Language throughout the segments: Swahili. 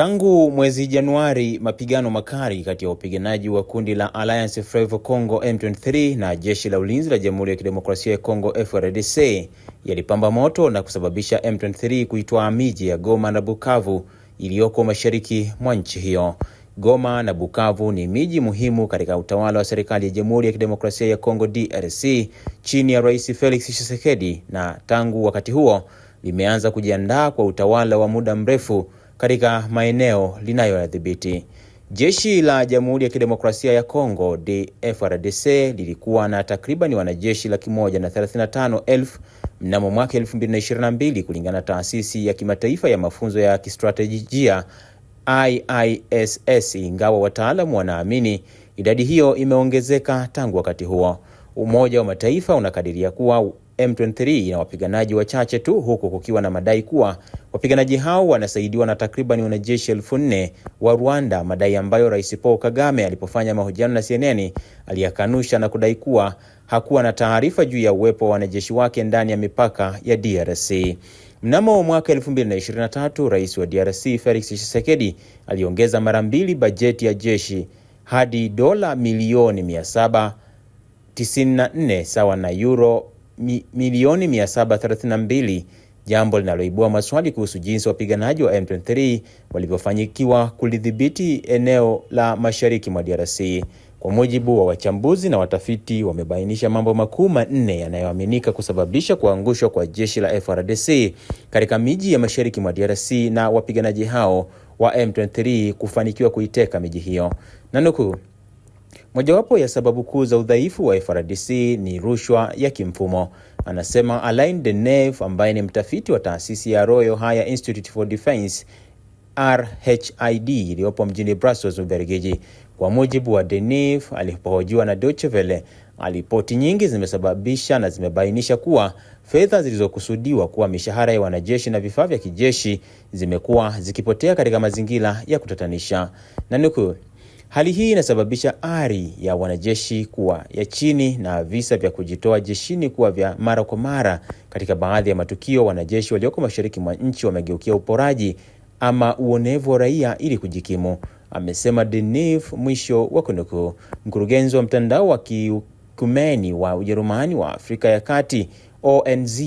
Tangu mwezi Januari, mapigano makali kati ya wapiganaji wa kundi la Alliance Fleuve Congo M23 na Jeshi la Ulinzi la Jamhuri ya Kidemokrasia ya Kongo FARDC yalipamba moto na kusababisha M23 kuitwaa miji ya Goma na Bukavu iliyoko mashariki mwa nchi hiyo. Goma na Bukavu ni miji muhimu katika utawala wa serikali ya Jamhuri ya Kidemokrasia ya Kongo DRC chini ya Rais Felix Tshisekedi, na tangu wakati huo limeanza kujiandaa kwa utawala wa muda mrefu katika maeneo linayoyadhibiti. Jeshi la Jamhuri ya Kidemokrasia ya Kongo DFRDC lilikuwa na takribani wanajeshi laki moja na thelathini na tano elfu mnamo mwaka 2022 kulingana na Taasisi ya Kimataifa ya Mafunzo ya Kistratejia IISS, ingawa wataalamu wanaamini idadi hiyo imeongezeka tangu wakati huo. Umoja wa Mataifa unakadiria kuwa M23 ina wapiganaji wachache tu huku kukiwa na madai kuwa wapiganaji hao wanasaidiwa na takriban wanajeshi elfu nne wa Rwanda, madai ambayo Rais Paul Kagame alipofanya mahojiano na CNN aliyakanusha na kudai kuwa hakuwa na taarifa juu ya uwepo wa wanajeshi wake ndani ya mipaka ya DRC. Mnamo mwaka 2023, Rais wa DRC Felix Tshisekedi aliongeza mara mbili bajeti ya jeshi hadi dola milioni 700 94 sawa na euro mi, milioni 732, jambo linaloibua maswali kuhusu jinsi wapiganaji wa M23 walivyofanyikiwa kulidhibiti eneo la mashariki mwa DRC. Kwa mujibu wa wachambuzi na watafiti, wamebainisha mambo makuu manne yanayoaminika kusababisha kuangushwa kwa jeshi la frdc katika miji ya mashariki mwa DRC na wapiganaji hao wa M23 kufanikiwa kuiteka miji hiyo. Nanukuu, Mojawapo ya sababu kuu za udhaifu wa FRDC ni rushwa ya kimfumo, anasema Alain Deneve ambaye ni mtafiti wa taasisi ya Royal Higher Institute for Defence RHID iliyopo mjini Brussels, Ubelgiji. Kwa mujibu wa Deneve, alipohojiwa na Deutsche Welle, ripoti nyingi zimesababisha na zimebainisha kuwa fedha zilizokusudiwa kuwa mishahara ya wanajeshi na vifaa vya kijeshi zimekuwa zikipotea katika mazingira ya kutatanisha na nukuu Hali hii inasababisha ari ya wanajeshi kuwa ya chini na visa vya kujitoa jeshini kuwa vya mara kwa mara. Katika baadhi ya matukio, wanajeshi walioko mashariki mwa nchi wamegeukia uporaji ama uonevu wa raia ili kujikimu, amesema Denif, mwisho wa kunukuu. Mkurugenzi wa mtandao wa kikumeni wa Ujerumani wa Afrika ya Kati ONZ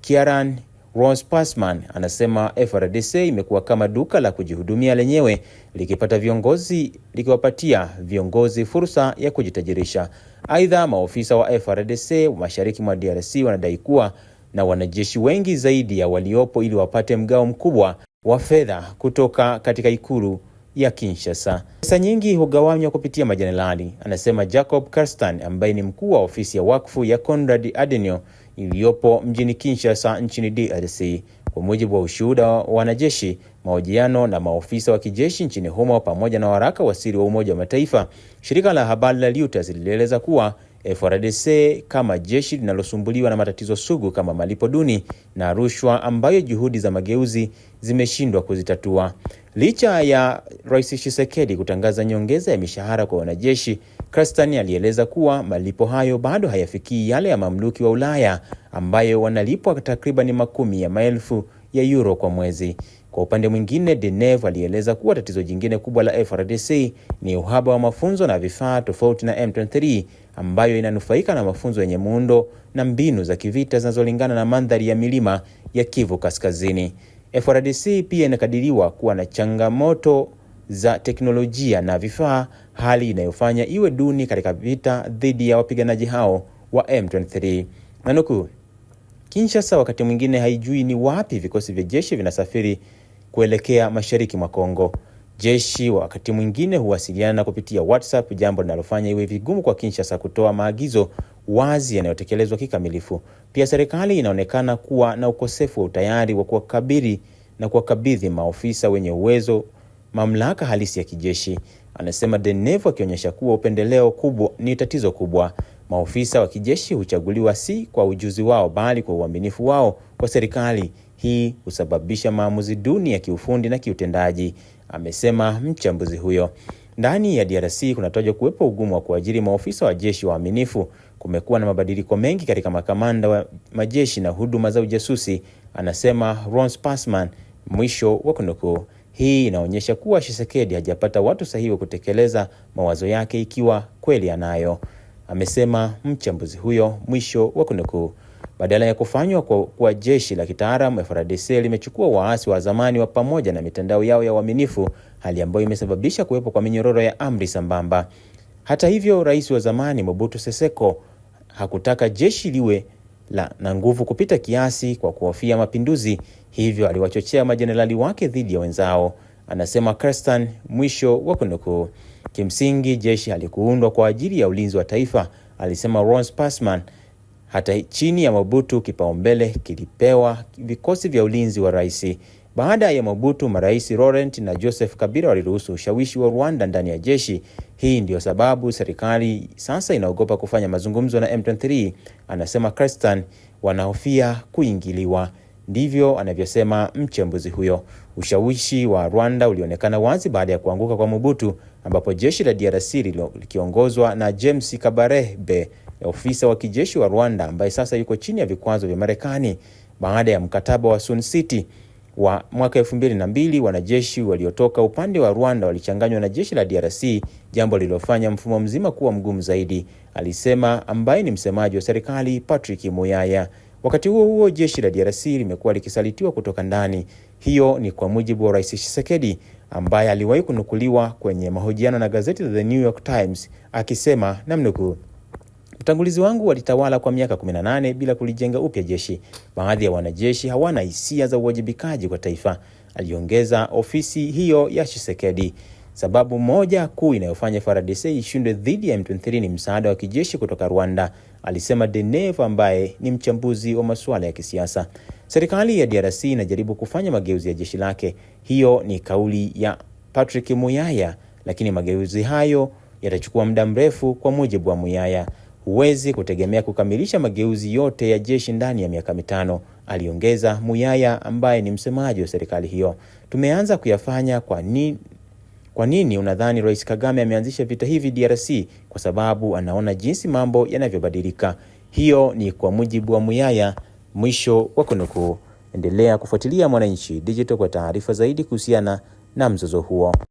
Kieran Ron Passman anasema FRDC imekuwa kama duka la kujihudumia lenyewe likipata viongozi likiwapatia viongozi fursa ya kujitajirisha. Aidha, maofisa wa FRDC mashariki mwa DRC wanadai kuwa na wanajeshi wengi zaidi ya waliopo ili wapate mgao mkubwa wa fedha kutoka katika ikulu ya Kinshasa. Pesa nyingi hugawanywa kupitia majenerali, anasema Jacob Karstan ambaye ni mkuu wa ofisi ya wakfu ya Conrad Adenio iliyopo mjini Kinshasa nchini DRC. Kwa mujibu wa ushuhuda wa wanajeshi, mahojiano na maofisa wa kijeshi nchini humo pamoja na waraka wa siri wa Umoja wa Mataifa, shirika la habari la Reuters lilieleza kuwa FARDC kama jeshi linalosumbuliwa na matatizo sugu kama malipo duni na rushwa ambayo juhudi za mageuzi zimeshindwa kuzitatua. Licha ya Rais Tshisekedi kutangaza nyongeza ya mishahara kwa wanajeshi, Kirsten alieleza kuwa malipo hayo bado hayafikii yale ya mamluki wa Ulaya ambayo wanalipwa takriban makumi ya maelfu ya euro kwa mwezi. Kwa upande mwingine, Deneve alieleza kuwa tatizo jingine kubwa la frdc ni uhaba wa mafunzo na vifaa, tofauti na M23 ambayo inanufaika na mafunzo yenye muundo na mbinu za kivita zinazolingana na mandhari ya milima ya Kivu Kaskazini. frdc pia inakadiriwa kuwa na changamoto za teknolojia na vifaa, hali inayofanya iwe duni katika vita dhidi ya wapiganaji hao wa M23. Nanuku, Kinshasa wakati mwingine haijui ni wapi vikosi vya jeshi vinasafiri kuelekea mashariki mwa Kongo. Jeshi wakati mwingine huwasiliana kupitia WhatsApp, jambo linalofanya iwe vigumu kwa Kinshasa kutoa maagizo wazi yanayotekelezwa kikamilifu. Pia serikali inaonekana kuwa na ukosefu wa utayari wa kuwakabili na kuwakabidhi maofisa wenye uwezo mamlaka halisi ya kijeshi, anasema Deneva, akionyesha kuwa upendeleo kubwa ni tatizo kubwa. Maofisa wa kijeshi huchaguliwa si kwa ujuzi wao bali kwa uaminifu wao kwa serikali. Hii husababisha maamuzi duni ya kiufundi na kiutendaji, amesema mchambuzi huyo. Ndani ya DRC kunatajwa kuwepo ugumu wa kuajiri maofisa wa jeshi waaminifu. Kumekuwa na mabadiliko mengi katika makamanda wa majeshi na huduma za ujasusi, anasema Ron Spassman. Mwisho wa kunukuu. Hii inaonyesha kuwa Tshisekedi hajapata watu sahihi wa kutekeleza mawazo yake ikiwa kweli anayo, amesema mchambuzi huyo, mwisho wa kunukuu. Badala ya kufanywa kwa, kwa jeshi la kitaalamu FARDC limechukua waasi wa zamani wa pamoja na mitandao yao ya uaminifu, hali ambayo imesababisha kuwepo kwa minyororo ya amri sambamba. Hata hivyo, rais wa zamani Mobutu Seseko hakutaka jeshi liwe la, na nguvu kupita kiasi kwa kuhofia mapinduzi, hivyo aliwachochea majenerali wake dhidi ya wenzao, anasema Kirsten, mwisho wa kunukuu. Kimsingi jeshi halikuundwa kwa ajili ya ulinzi wa taifa, alisema Ron Spassman. Hata chini ya Mobutu, kipaumbele kilipewa vikosi vya ulinzi wa rais. Baada ya Mobutu, marais Laurent na Joseph Kabila waliruhusu ushawishi wa Rwanda ndani ya jeshi. Hii ndiyo sababu serikali sasa inaogopa kufanya mazungumzo na M23, anasema Christian, Wanahofia kuingiliwa, ndivyo anavyosema mchambuzi huyo. Ushawishi wa Rwanda ulionekana wazi baada ya kuanguka kwa Mobutu, ambapo jeshi la DRC likiongozwa na James Kabarebe, ofisa wa kijeshi wa Rwanda ambaye sasa yuko chini ya vikwazo vya Marekani baada ya mkataba wa Sun City wa mwaka elfu mbili na mbili wanajeshi waliotoka upande wa Rwanda walichanganywa na jeshi la DRC, jambo lililofanya mfumo mzima kuwa mgumu zaidi, alisema ambaye ni msemaji wa serikali Patrick Muyaya. Wakati huo huo, jeshi la DRC limekuwa likisalitiwa kutoka ndani. Hiyo ni kwa mujibu wa Rais Tshisekedi ambaye aliwahi kunukuliwa kwenye mahojiano na gazeti la The New York Times akisema namnukuu Utangulizi wangu walitawala kwa miaka 18 bila kulijenga upya jeshi. Baadhi ya wanajeshi hawana hisia za uwajibikaji kwa taifa, aliongeza ofisi hiyo ya Tshisekedi. Sababu moja kuu inayofanya FARDC ishindwe dhidi ya M23 ni msaada wa kijeshi kutoka Rwanda, alisema Deneva ambaye ni mchambuzi wa masuala ya kisiasa. Serikali ya DRC inajaribu kufanya mageuzi ya jeshi lake, hiyo ni kauli ya Patrick Muyaya, lakini mageuzi hayo yatachukua muda mrefu, kwa mujibu wa Muyaya huwezi kutegemea kukamilisha mageuzi yote ya jeshi ndani ya miaka mitano, aliongeza Muyaya ambaye ni msemaji wa serikali hiyo. Tumeanza kuyafanya. Kwa nini? Kwa nini unadhani Rais Kagame ameanzisha vita hivi DRC? Kwa sababu anaona jinsi mambo yanavyobadilika. Hiyo ni kwa mujibu wa Muyaya, mwisho wa kunukuu. Endelea kufuatilia Mwananchi Digital kwa taarifa zaidi kuhusiana na mzozo huo.